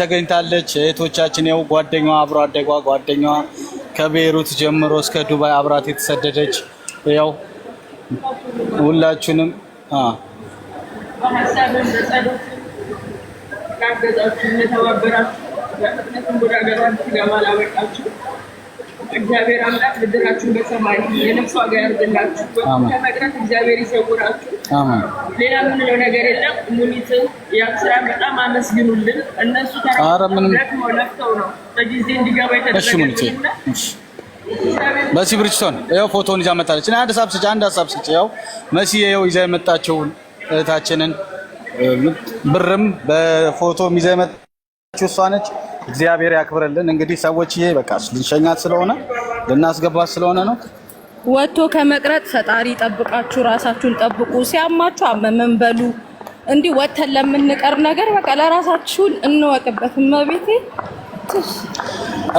ተገኝታለች። እህቶቻችን ያው ጓደኛዋ አብሮ አደጓ ጓደኛዋ ከቤይሩት ጀምሮ እስከ ዱባይ አብራት የተሰደደች ያው ሁላችሁንም እግዚአብሔር አምላክ ብድራችሁን በሰማይ የነፍሱ ጋር ያርግላችሁ። ከመቅረት እግዚአብሔር ይሰውራችሁ። ሌላ የምንለው ነገር የለም። ሙኒትም ያው ስራ በጣም አመስግኑልን። እነሱ ተደክመው ለፍተው ነው በጊዜ እንዲገባ የተደረገልን። መሲ ብርጅቶን ያው ፎቶውን ይዛ መጣለች። እና አንድ ሀሳብ ስጭ፣ አንድ ሀሳብ ስጭ። ያው መሲ ያው ይዛ የመጣችውን እህታችንን ብርም በፎቶም ይዛ የመጣችው እሷ ነች። እግዚአብሔር ያክብርልን። እንግዲህ ሰዎችዬ በቃ ልንሸኛት ስለሆነ ልናስገባት ስለሆነ ነው ወጥቶ ከመቅረጥ ፈጣሪ ጠብቃችሁ ራሳችሁን ጠብቁ። ሲያማችሁ አመመን በሉ። እንዲህ ወጥተን ለምንቀር ነገር በቃ ለራሳችሁን እንወቅበት። እመቤቴ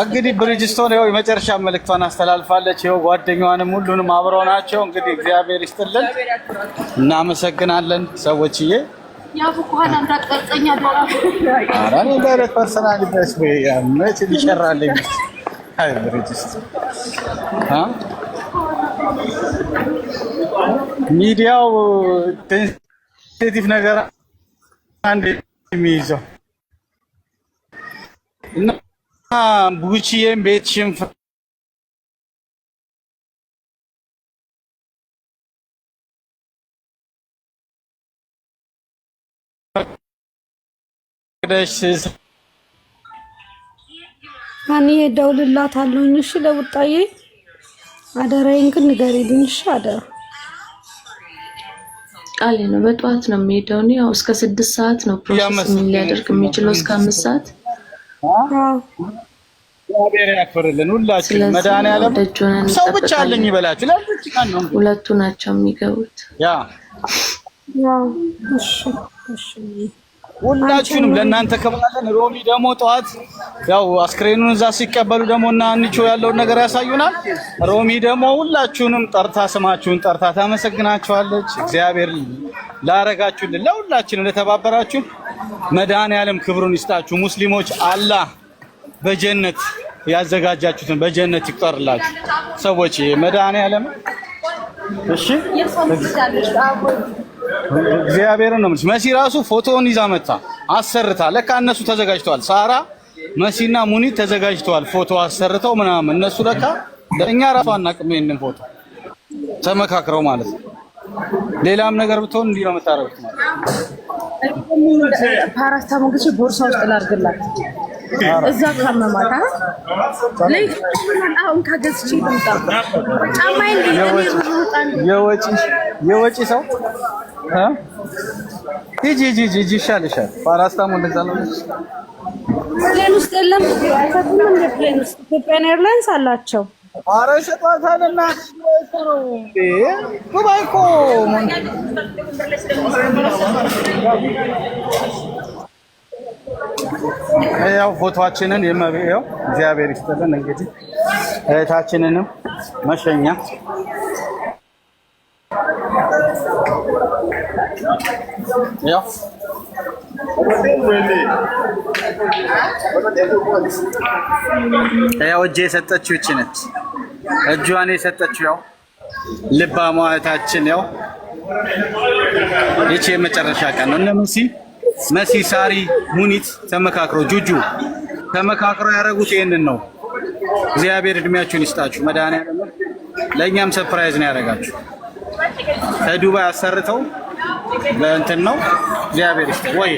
እንግዲህ ብሪጅስቶን ይኸው የመጨረሻ መልእክቷን አስተላልፋለች። ይኸው ጓደኛዋንም ሁሉንም አብረው ናቸው። እንግዲህ እግዚአብሔር ይስጥልን፣ እናመሰግናለን ሰዎችዬ። ፐርሰናል አይ ብሪጅስቶን አ ሚዲያው ሴንሲቲቭ ነገር አንድ የሚይዘው እና ቡችዬም ቤትሽም እኔ አለኝ። እሺ ለውጣዬ አደራዬን ግን ንገሪልኝ እሺ። አደራ ቃሌ ነው። በጠዋት ነው የሚሄደው። እኔ ያው እስከ ስድስት ሰዓት ነው ፕሮሰስ ሊያደርግ የሚችለው እስከ አምስት ሰዓት እግዚአብሔር መድኃኒዓለም ሰው ብቻ አለኝ ይበላችሁ። ቀን ነው ሁለቱ ናቸው የሚገቡት። ያ እሺ እሺ ሁላችሁንም ለእናንተ ከብላለን። ሮሚ ደግሞ ጠዋት ያው አስክሬኑን እዛ ሲቀበሉ ደግሞ እና እንቾ ያለውን ነገር ያሳዩናል። ሮሚ ደግሞ ሁላችሁንም ጠርታ ስማችሁን ጠርታ ታመሰግናችኋለች። እግዚአብሔር ላረጋችሁልን፣ ለሁላችንም ለተባበራችሁ መድኃኔዓለም ክብሩን ይስጣችሁ። ሙስሊሞች አላህ በጀነት ያዘጋጃችሁትን በጀነት ይቆጥርላችሁ። ሰዎች መድኃኔዓለም እሺ እግዚአብሔርን ነው የምልሽ። መሲ ራሱ ፎቶውን ይዛ መታ አሰርታ፣ ለካ እነሱ ተዘጋጅተዋል። ሳራ መሲና ሙኒት ተዘጋጅተዋል። ፎቶ አሰርተው ምናምን እነሱ ለካ ለእኛ ራሱ አናቅም። ይሄንን ፎቶ ተመካክረው ማለት ነው። ሌላም ነገር ብትሆን እንዲህ ነው የምታረጉት ማለት ነው። ፓራስታሞን ግጭ ቦርሳ ውስጥ ላድርግላት እዛ ካመማት አሁን ካገዝቼ ልምጣ። ጫማዬን የወጪ ሰው ሂጂ ሂጂ ሂጂ ይሻልሻል። ፓራስታሞል እንደዛ ነው። ፕሌን ውስጥ የለም። ኢትዮጵያን ኤርላይንስ አላቸው። ኧረ ይሰጧታል። እና ዱባይ እኮ ያው ፎቶአችንን የመብየው እግዚአብሔር ይስጥልን። እንግዲህ እህታችንንም መሸኛ Ja. ያው እጄ የሰጠችው እቺ ነች። እጇን የሰጠችው ያው ልባሟ እህታችን ያው ይቺ የመጨረሻ ቀን ነው። እነ መሲ መሲ፣ ሳሪ፣ ሙኒት ተመካክረው ጁጁ ተመካክረው ያደረጉት ይህንን ነው። እግዚአብሔር እድሜያችሁን ይስጣችሁ። መድኃኒዓለም ለእኛም ሰርፕራይዝ ነው ያደረጋችሁ ከዱባይ አሰርተው ለእንትን ነው እግዚአብሔር ይስጥ ወይ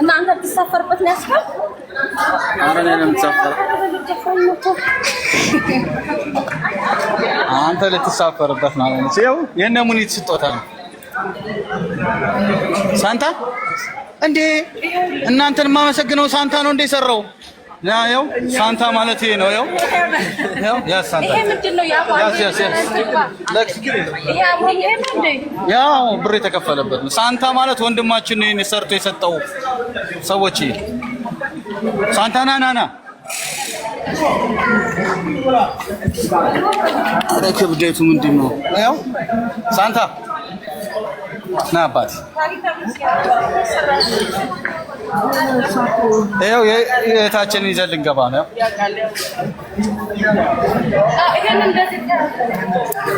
እና አንተ ትሳፈርበት ነው ያስከው አረኔ ነው የምትሳፈር አንተ ልትሳፈርበት ነው ነው። ይኸው የእነ ሙኒት ስጦታ ነው። ሳንታ እንዴ እናንተን የማመሰግነው ሳንታ ነው እንደ ሰራው ያ ያው ሳንታ ማለት ይሄ ነው። ያው ያው ያ ሳንታ ይሄ ያ ያው ብር የተከፈለበት ነው። ሳንታ ማለት ወንድማችን ነው ሰርቶ የሰጠው ሰዎች። ሳንታ ና ና ና። ክብደቱ ያው ሳንታ ና አባቴ ይኸው የእህታችንን ይዘን ልንገባ ነው።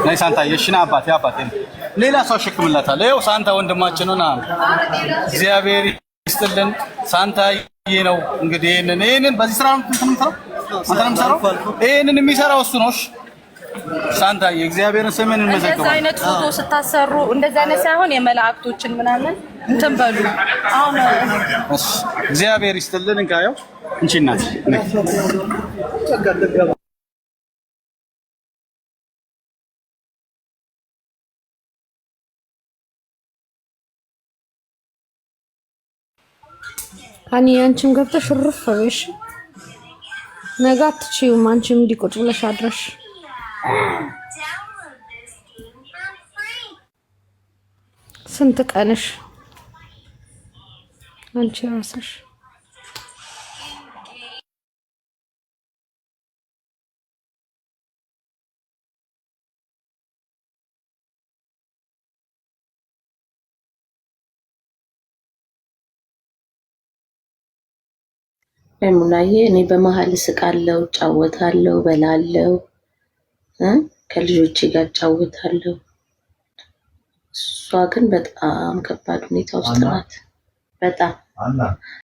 ነይ ሳንታዬ። እሺ ና አባቴ አባቴ ሌላ ሰው አሸክምላታለሁ። ይኸው ሳንታ ወንድማችን ሆና እግዚአብሔር ይስጥልን። ሳንታዬ ነው እንግዲህ ይህንን ይህንን በዚህ ስራ ነው እንትን ይህንን የሚሰራው እሱ ነው። ሳንታ የእግዚአብሔርን ስም እንመዘግባለን። እንደዚህ አይነት ፎቶ ስታሰሩ እንደዚህ አይነት ሳይሆን የመላእክቶችን ምናምን እንትን በሉ። አሁን እግዚአብሔር ይስጥልን። እንካየው እንቺ እናት አኒ አንቺም ገብተሽ ሩፍ ፈበሽ ነገ አትችይውም። አንቺም እንዲቆጭ ብለሽ አድረሽ ስንት ቀንሽ አንቺ ራስሽ? ሙናዬ እኔ በመሀል ስቃለው፣ ጫወታለው፣ በላለው ከልጆቼ ጋር እጫወታለሁ። እሷ ግን በጣም ከባድ ሁኔታ ውስጥ ናት። በጣም